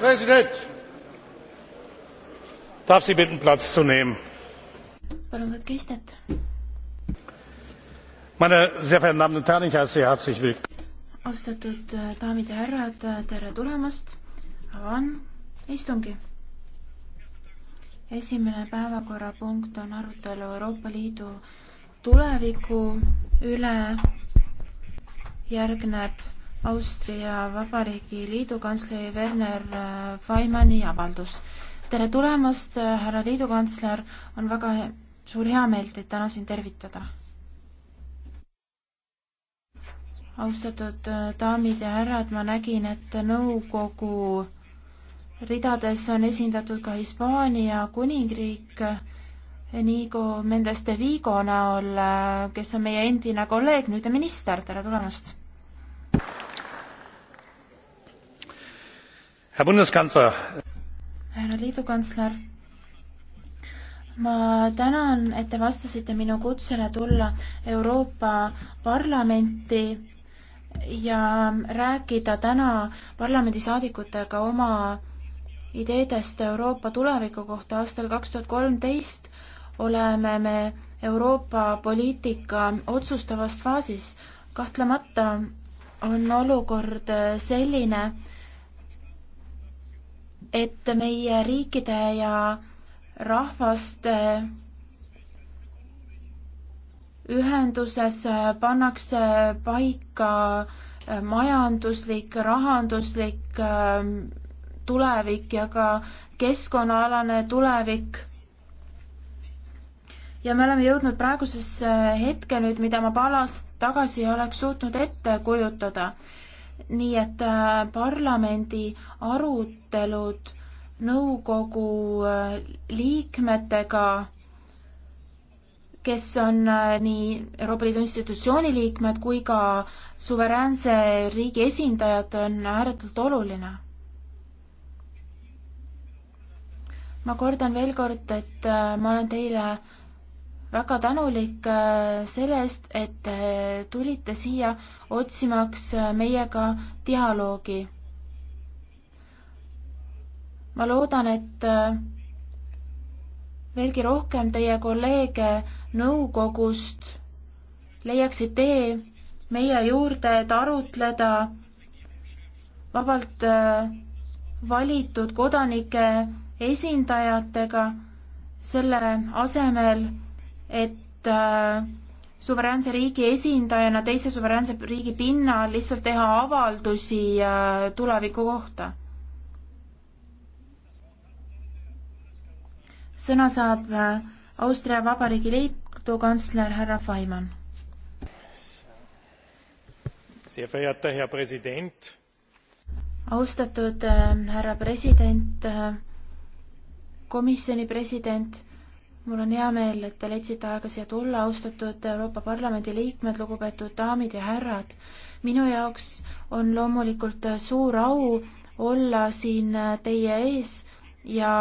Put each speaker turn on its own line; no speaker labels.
präsident! ich darf sie bitten platz zu nehmen. meine sehr verehrten damen und herren ich heiße sie herzlich willkommen. austatud äh, daamid ja härrad äh, tere tulemast! avan istungi. esimene päevakorrapunkt on arutelu euroopa liidu tuleviku üle järgneb Austria Vabariigi liidukantsleri Werner äh, Faimanni avaldus. tere tulemast, äh, härra liidukantsler, on väga he suur heameel teid täna siin tervitada. austatud äh, daamid ja härrad, ma nägin, et nõukogu ridades on esindatud ka Hispaania kuningriik Enigo Mendes de Vigo näol, kes on meie endine kolleeg, nüüd minister, tere tulemast Herr Bundeskanzler. härra liidukantsler, ma tänan, et te vastasite minu kutsele tulla Euroopa Parlamenti ja rääkida täna parlamendisaadikutega oma ideedest Euroopa tuleviku kohta. aastal kaks tuhat kolmteist oleme me Euroopa poliitika otsustavas faasis. kahtlemata on olukord selline, et meie riikide ja rahvaste ühenduses pannakse paika majanduslik, rahanduslik ähm, tulevik ja ka keskkonnaalane tulevik ja me oleme jõudnud praegusesse hetke nüüd, mida ma paar aastat tagasi ei oleks suutnud ette kujutada nii et äh, parlamendi arutelud nõukogu äh, liikmetega, kes on äh, nii Euroopa Liidu institutsiooni liikmed kui ka suveräänse riigi esindajad, on ääretult oluline. ma kordan veel kord, et ma olen teile väga tänulik äh, selle eest, et äh, tulite siia otsimaks äh, meiega dialoogi. ma loodan, et veelgi rohkem teie kolleege nõukogust leiaksid tee meie juurde, et arutleda vabalt valitud kodanike esindajatega selle asemel, et äh, suveräänse riigi esindajana teise suveräänse riigi pinnal lihtsalt teha avaldusi äh, tuleviku kohta. sõna saab äh, Austria Vabariigi Liidu kantsler härra Faimann. austatud härra president, komisjoni president mul on hea meel, et te leidsite aega siia tulla, austatud Euroopa Parlamendi liikmed, lugupeetud daamid ja härrad. minu jaoks on loomulikult suur au olla siin teie ees ja